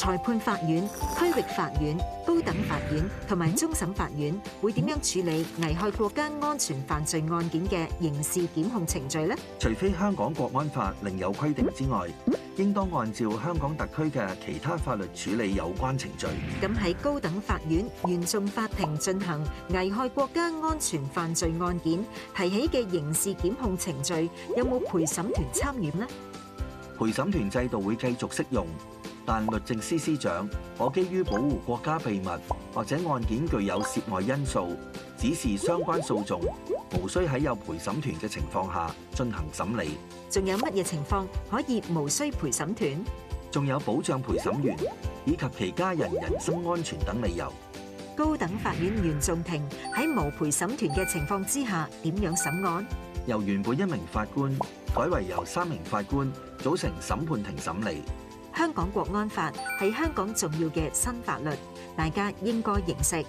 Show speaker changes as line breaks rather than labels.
裁判法院、區域法院、高等法院同埋終審法院會點樣處理危害國家安全犯罪案件嘅刑事檢控程序呢？
除非香港國安法另有規定之外，應當按照香港特區嘅其他法律處理有關程序。
咁喺高等法院原訟法庭進行危害國家安全犯罪案件提起嘅刑事檢控程序，有冇陪審團參與呢？
陪審團制度會繼續適用，但律政司司長可基於保護國家秘密或者案件具有涉外因素，指示相關訴訟無需喺有陪審團嘅情況下進行審理。
仲有乜嘢情況可以無需陪審團？
仲有保障陪審員以及其家人人身安全等理由。
高等法院原訟庭喺無陪審團嘅情況之下，點樣審案？
由原本一名法官改為由三名法官組成審判庭審理。
香港國安法係香港重要嘅新法律，大家應該認識。